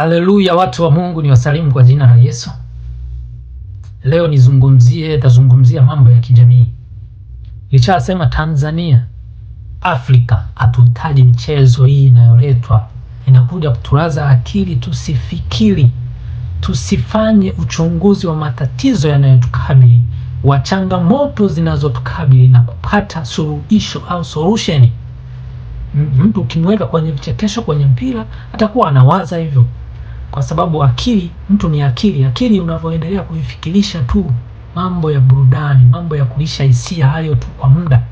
Haleluya, watu wa Mungu ni wasalimu kwa jina la Yesu. Leo nizungumzie, tazungumzia mambo ya kijamii. Nilishasema Tanzania, Afrika hatuhitaji mchezo hii inayoletwa inakuja kutulaza akili, tusifikiri, tusifanye uchunguzi wa matatizo yanayotukabili, wa changamoto zinazotukabili na kupata suluhisho au solution. Mtu ukimweka kwenye vichekesho, kwenye mpira, atakuwa anawaza hivyo kwa sababu akili, mtu ni akili. Akili unavyoendelea kuifikirisha tu mambo ya burudani, mambo ya kulisha hisia hayo tu kwa muda,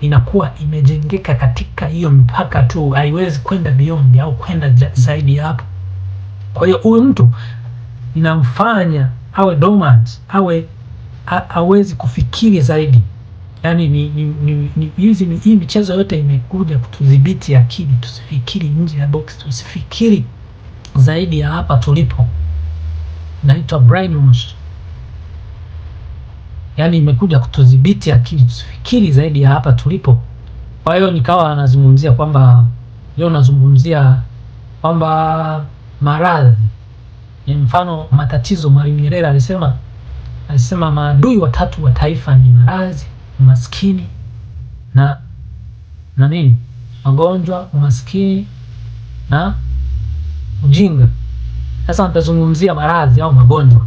inakuwa imejengeka katika hiyo mpaka tu, haiwezi kwenda beyond au kwenda zaidi ya hapo. Kwa hiyo huyu mtu inamfanya awe dormant, awe hawezi kufikiri zaidi. Yani ni, ni, ni, ni, hizi hii michezo yote imekuja kutudhibiti akili, tusifikiri nje ya box, tusifikiri zaidi ya hapa tulipo. Inaitwa brainwash, yaani imekuja kutudhibiti akili tufikiri zaidi ya hapa tulipo. Kwa hiyo nikawa anazungumzia kwamba leo nazungumzia kwamba maradhi ni mfano matatizo. Mwalimu Nyerere alisema alisema maadui watatu wa taifa ni maradhi, umaskini na na nini, magonjwa, umaskini na ujinga. Sasa nitazungumzia maradhi au magonjwa.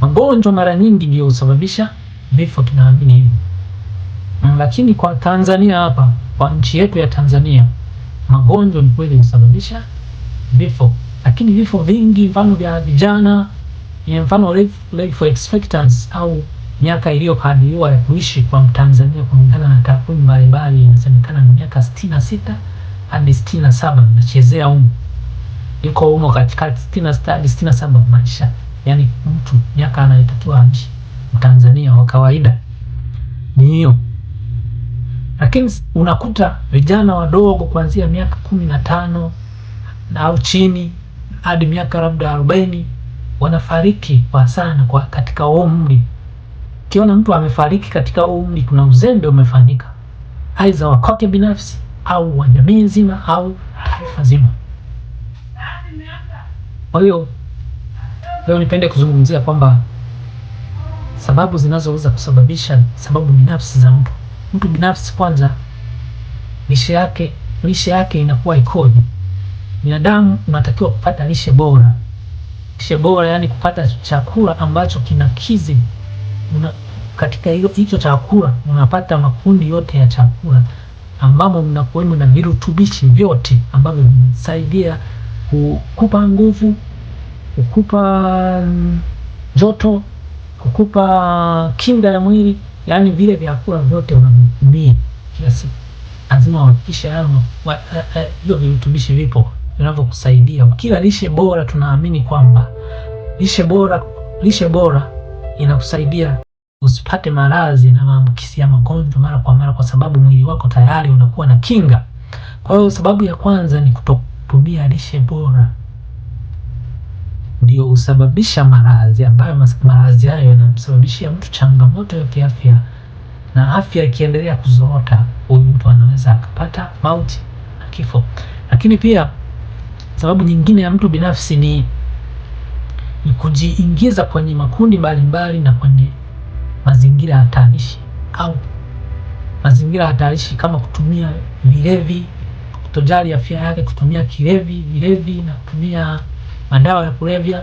Magonjwa mara nyingi ndio husababisha vifo, tunaamini hivyo, mm, lakini kwa Tanzania hapa, kwa nchi yetu ya Tanzania, magonjwa ni kweli husababisha vifo, lakini vifo vingi, mfano vya vijana ni mfano life, expectancy au miaka iliyokadiriwa ya kuishi kwa Mtanzania kulingana na takwimu mbalimbali inasemekana ni miaka 66 hadi 67, nachezea huko iko umo katika sitini na sita hadi sitini na saba maisha, yani mtu miaka anayotakiwa aishi Mtanzania wa kawaida ni hiyo. Lakini unakuta vijana wadogo kuanzia miaka kumi na tano au chini hadi miaka labda arobaini wanafariki kwa sana kwa katika umri. Ukiona mtu amefariki katika umri, kuna uzembe umefanyika, aidha wakwake binafsi au wa jamii nzima au taifa zima. Kwa hiyo leo nipende kuzungumzia kwamba sababu zinazoweza kusababisha sababu binafsi za mtu. Mtu binafsi kwanza, lishe yake lishe yake inakuwa ikoje? Binadamu unatakiwa kupata lishe bora, lishe bora yani kupata chakula ambacho una, katika hicho chakula unapata makundi yote ya chakula ambamo mnakuwemo na virutubishi vyote ambavyo vinasaidia hukupa nguvu, hukupa joto, hukupa kinga ya mwili. Yani vile vyakula vyote unamia kila siku, lazima uhakikishe hiyo eh, eh, virutubishi vipo vinavyokusaidia. Ukila lishe bora, tunaamini kwamba lishe bora lishe bora inakusaidia usipate maradhi na maambukizi ya magonjwa mara kwa mara, kwa sababu mwili wako tayari unakuwa na kinga. Kwa hiyo sababu ya kwanza ni kutoka kutumia lishe bora ndio husababisha maradhi ambayo maradhi hayo yanamsababishia mtu changamoto ya kiafya, na afya ikiendelea kuzorota, huyu mtu anaweza akapata mauti na kifo. Lakini pia sababu nyingine ya mtu binafsi ni, ni kujiingiza kwenye makundi mbalimbali na kwenye mazingira hatarishi au mazingira hatarishi kama kutumia vilevi kutojali afya yake, kutumia kilevi vilevi na kutumia madawa ya kulevya,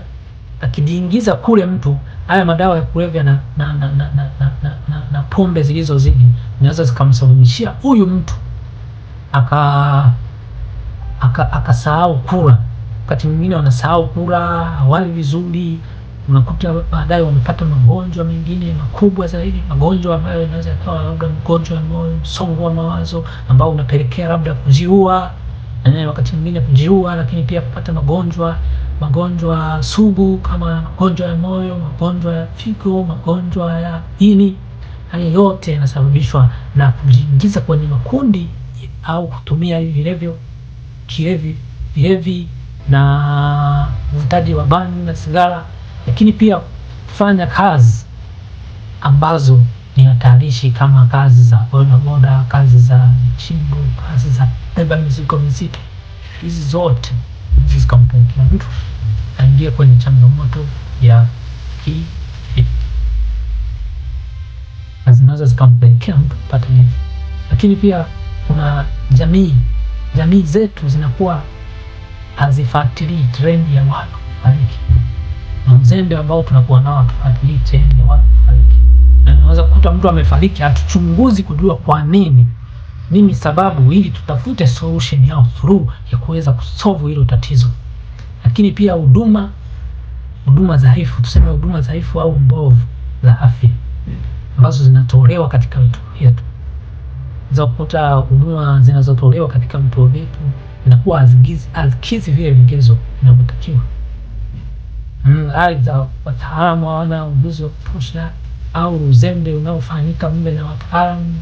akijiingiza kule mtu haya madawa ya kulevya na, na, na, na, na, na, na, na pombe zilizozidi zinaweza zikamsababishia huyu mtu aka akasahau aka kula. Wakati mwingine wanasahau kula, hawali vizuri unakuta baadaye wamepata magonjwa mengine makubwa zaidi, magonjwa ambayo yanaweza ikawa labda mgonjwa wa moyo, msongo wa mawazo ambao unapelekea labda kujiua, eh, wakati mwingine kujiua, lakini pia kupata magonjwa magonjwa sugu kama magonjwa ya moyo, magonjwa ya figo, magonjwa ya ini. Haya yote yanasababishwa na kujiingiza kwenye makundi au kutumia vilevyo, kievi vilevi na uvutaji wa bangi na sigara lakini pia fanya kazi ambazo ni hatarishi kama kazi za bodaboda, kazi za chimbo, kazi za beba mizigo mizito. Hizi zote zikampungia mtu aingie kwenye changamoto ya kiafya na zinaweza zikampelekea mtu kupata hivi. Lakini pia kuna jamii, jamii zetu zinakuwa hazifuatilii trendi ya watu fariki na mm-hmm. uzembe ambao tunakuwa nao hatufariki tena watu fariki. Na unaweza kukuta mtu amefariki, hatuchunguzi kujua kwa nini nini sababu, ili tutafute solution au through ya kuweza kusolve hilo tatizo. Lakini pia huduma huduma dhaifu, tuseme huduma dhaifu au mbovu za afya ambazo zinatolewa katika vituo vyetu, za kukuta huduma zinazotolewa katika vituo vyetu zinakuwa hazikizi vile vigezo vinavyotakiwa habari wataalamu hawana ujuzi wa kutosha, au uzembe unaofanyika mle na wataalamu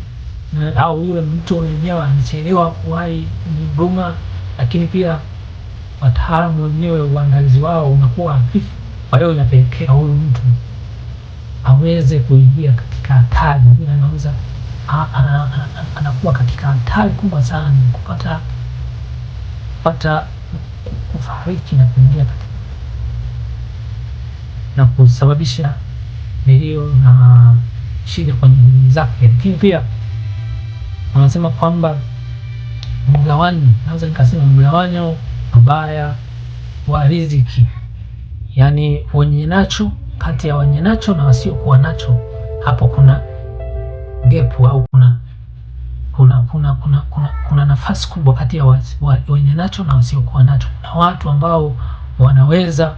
au yule mtu mwenyewe anachelewa kuwahi ni huduma. Lakini pia wataalamu wenyewe uangalizi wao unakuwa hafifu, kwa hiyo inapelekea huyu mtu aweze kuingia katika hatari, anaweza anakuwa katika hatari kubwa sana kupata kupata kufariki na kuingia katika na kusababisha milio na shida kwenye zake, lakini pia wanasema kwamba mgawanyo, naweza nikasema mgawanyo mbaya wa riziki, yaani wenye nacho kati ya wenye nacho na wasiokuwa nacho, hapo kuna gepu au kuna kuna kuna kuna kuna, kuna nafasi kubwa kati ya wenye nacho na wasiokuwa nacho. Kuna watu ambao wanaweza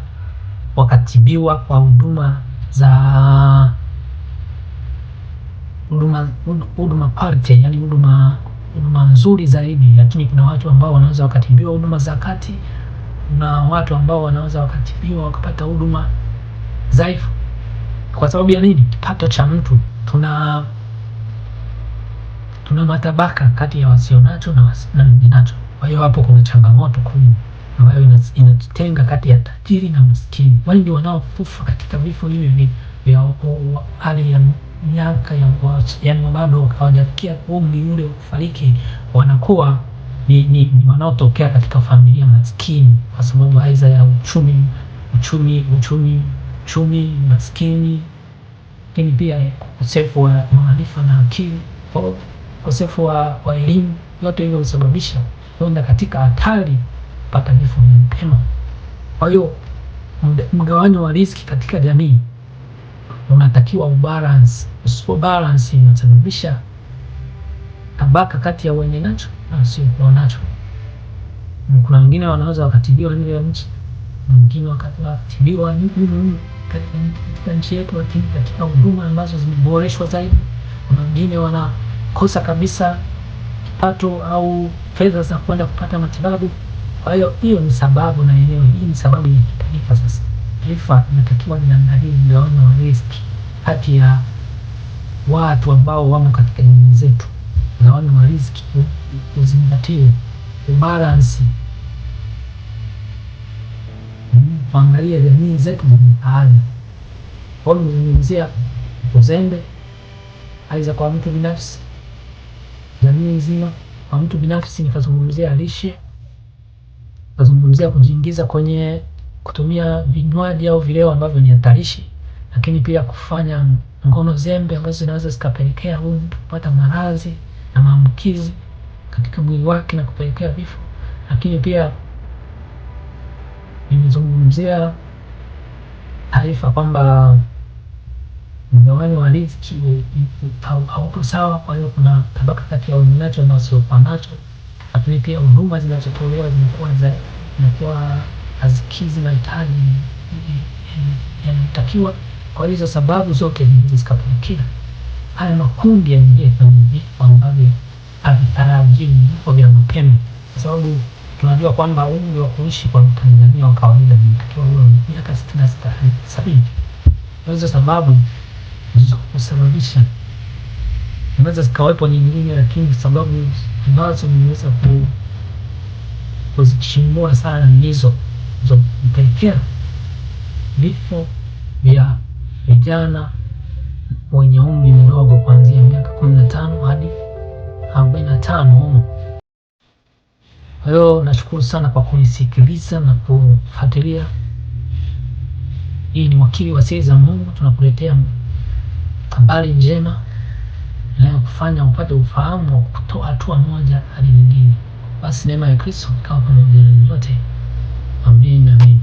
wakatibiwa kwa huduma za huduma huduma parte, yani huduma huduma nzuri zaidi, lakini kuna watu ambao wanaweza wakatibiwa huduma za kati na watu ambao wanaweza wakatibiwa wakapata huduma dhaifu. Kwa sababu ya nini? Kipato cha mtu tuna tuna matabaka kati ya wasionacho na, na nacho. Kwa hiyo hapo kuna changamoto kubwa ambayo inatenga kati ya tajiri na maskini. Wale ndio wanaokufa katika vifo hivi vya hali ya miaka ya yaani bado hawajafikia umri ule wa kufariki, wanakuwa ni, ni, ni wanaotokea katika familia maskini, kwa sababu aidha ya uchumi uchumi uchumi uchumi maskini, lakini pia ukosefu wa maarifa na akili, ukosefu wa elimu, yote hivyo husababisha kwenda katika hatari kupata jifunzo mapema. Kwa hiyo mgawanyo wa riski katika jamii unatakiwa ubalance. Usipo balance inasababisha tabaka kati ya wenye nacho na wasiokuwa nacho. Kuna wengine wanaweza wakatibiwa nje ya nchi, wengine wakatibiwa katika nchi yetu, lakini katika huduma ambazo zimeboreshwa zaidi. Kuna wengine wanakosa kabisa kipato au fedha za kwenda kupata matibabu. Kwa hiyo hiyo ni sababu na yenyewe, hii ni sababu ya kitaifa. Sasa taifa inatakiwa liangalie mgawanyo wa riski kati ya watu ambao wamo katika jamii zetu, mgawanyo wa riski uzingatiwe, ubalansi tuangalie jamii zetu za mitaani. Kwa hiyo nimezungumzia uzembe, aidha kwa mtu binafsi, jamii nzima, kwa mtu binafsi nikazungumzia lishe nazungumzia kujiingiza kwenye kutumia vinywaji au vileo ambavyo ni hatarishi, lakini pia kufanya ngono zembe ambazo zinaweza zikapelekea mtu kupata maradhi na maambukizi katika mwili wake na kupelekea vifo. Lakini pia nimezungumzia taarifa kwamba mgawanyo wa riziki haupo sawa, kwa hiyo kuna tabaka kati ya wanenacho na wasiokuwa nacho. Lakini pia huduma zinazotolewa zimekuwa za zinakuwa hazikizi mahitaji yanayotakiwa. Kwa hizo sababu zote zikapelekea haya makundi yaingie kwenye vifo ambavyo havitarajiwi, vifo vya mapema, kwa sababu tunajua kwamba umri wa kuishi kwa Mtanzania wa kawaida inatakiwa uwe miaka sitini na sita sabini. Kwa hizo sababu ndizo kusababisha Zyskały powinni lakini sababu ambazo nimeweza kuzichimbua sana ndizo zilizopelekea vifo vya vijana wenye umri mdogo kuanzia miaka kumi na tano hadi arobaini na tano. Kwa hiyo nashukuru sana kwa kunisikiliza na kufuatilia. Hii ni Wakili wa Siri za Mungu, tunakuletea habari njema inayokufanya upate ufahamu wa kutoa hatua moja hadi nyingine. Basi neema ya Kristo ikawa pamoja na wote. Amina, amin.